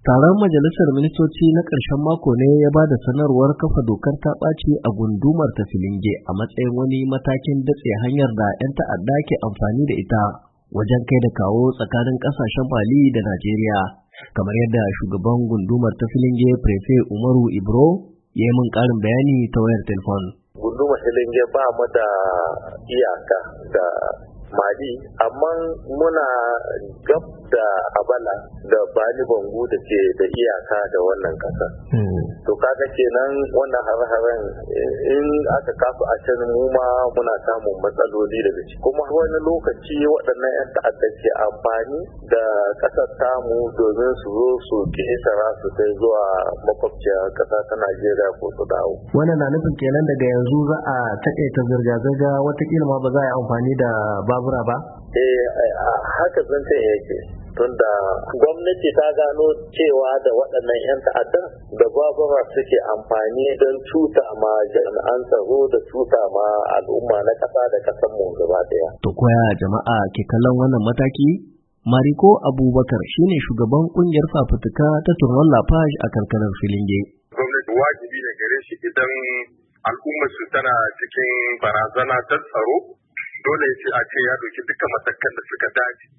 Taron Majalisar Ministoci na ƙarshen mako ne ya ba da sanarwar kafa dokar ta ɓaci a gundumar ta Filinge a matsayin wani matakin datse hanyar da 'yan ta'adda ke amfani da ita wajen kai da kawo tsakanin ƙasashen Mali da Najeriya. Kamar yadda shugaban gundumar ta Filinge Prefe Umaru Ibro ya yi min ƙarin bayani ta wayar telefon. Gundumar Filinge ba mata da iyaka da mali amma muna gab da abala da bani bangu da ke da iyaka da wannan kasa hmm. kaga kenan wannan har-haren eh, in aka kafa a can mu ma muna samun matsaloli da ciki kuma wani lokaci waɗannan 'yan ta'adda ke amfani da ƙasar tamu domin su zo su kisara su kai zuwa makwabciya ƙasa ta Najeriya ko su dawo. Wannan na nufin kenan daga yanzu za a taƙaita zirga-zirga watakila ma ba za a yi amfani da babura ba? Eh haka zan yake. tunda gwamnati ta gano cewa da waɗannan 'yan ta'addan da gwagwama suke amfani don cuta ma jami'an tsaro da cuta ma al'umma na ƙasa da ƙasar mu gaba ɗaya. To koya jama'a ke kallon wannan mataki? Mariko Abubakar shine shugaban kungiyar fafutuka ta Turnon Lafaj a kankanar Filinge. Gwamnati wajibi ne gare shi idan al'umma su tana cikin barazana ta tsaro dole ce a ce ya ɗauki dukkan matakan da suka dace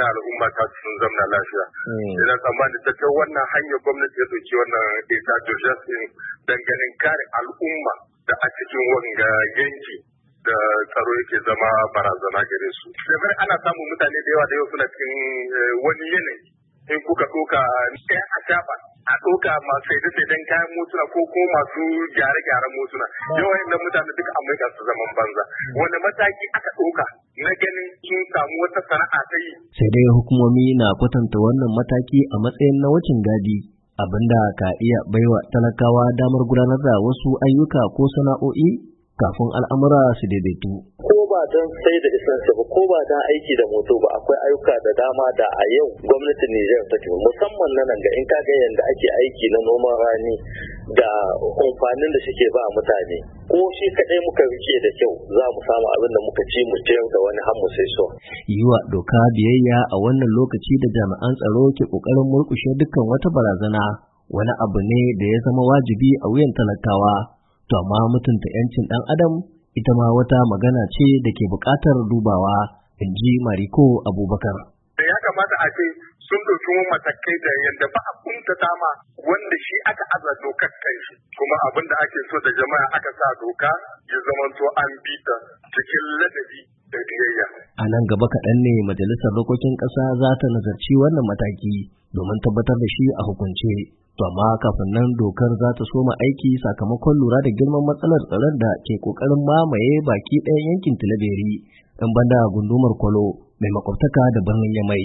wannan al'umma ta sun zamna lafiya. Hmm. Ina tsammani ta ta wannan hanyar gwamnati ya ɗauki wannan ita Joseph ɗin danganin kare al'umma da a cikin wanga yanki da tsaro yake zama barazana gare su. Shekar ana samun mutane da yawa da yau suna cikin eh, wani yanayi. In kuka ɗauka ɗaya a shafa a ɗauka masu saida saidan kayan motuna ko ko masu gyare-gyaren motuna. Hmm. Yawan da mutane duka Amurka su zaman banza. Hmm. wani mataki aka ɗauka na ganin sun samu wata sana'a ta yi. Sai dai hukumomi na kwatanta wannan mataki a matsayin na wucin gadi. abinda ka iya baiwa talakawa damar gudanar da wasu ayyuka ko sana'o'i kafin al'amura su daidaitu. Ko ba don sai da ba ko ba don aiki da moto ba akwai ayyuka da dama da a yau gwamnatin Nijar ta ce musamman na nan ga in ka ga yadda ake aiki na noman rani da amfanin da suke ba mutane ko shi kaɗai muka rike da kyau za mu samu abin da muka ci mu ciyar da wani hannu sai so. Yi wa doka biyayya a wannan lokaci da jami'an tsaro ke ƙoƙarin murkushe dukkan wata barazana wani abu ne da ya zama wajibi a wuyan talakawa to amma mutunta 'yancin ɗan adam ita ma wata magana ce da ke buƙatar dubawa in ji Mariko Abubakar. Ya kamata a ce sun ɗauki wani matakai da yadda ba a kunta dama wanda shi aka aza dokar kansu kuma abin da ake so da jama'a aka sa doka ya zama to an bi ta cikin ladabi da biyayya. A nan gaba kaɗan ne majalisar dokokin ƙasa za ta nazarci wannan mataki domin tabbatar da shi a hukunce. To amma kafin nan dokar za ta soma aiki sakamakon lura da girman matsalar tsaron da ke ƙoƙarin mamaye baki ɗayan yankin Tilaberi, ɗan banda gundumar Kwalo mai makwabtaka da birnin Yamai.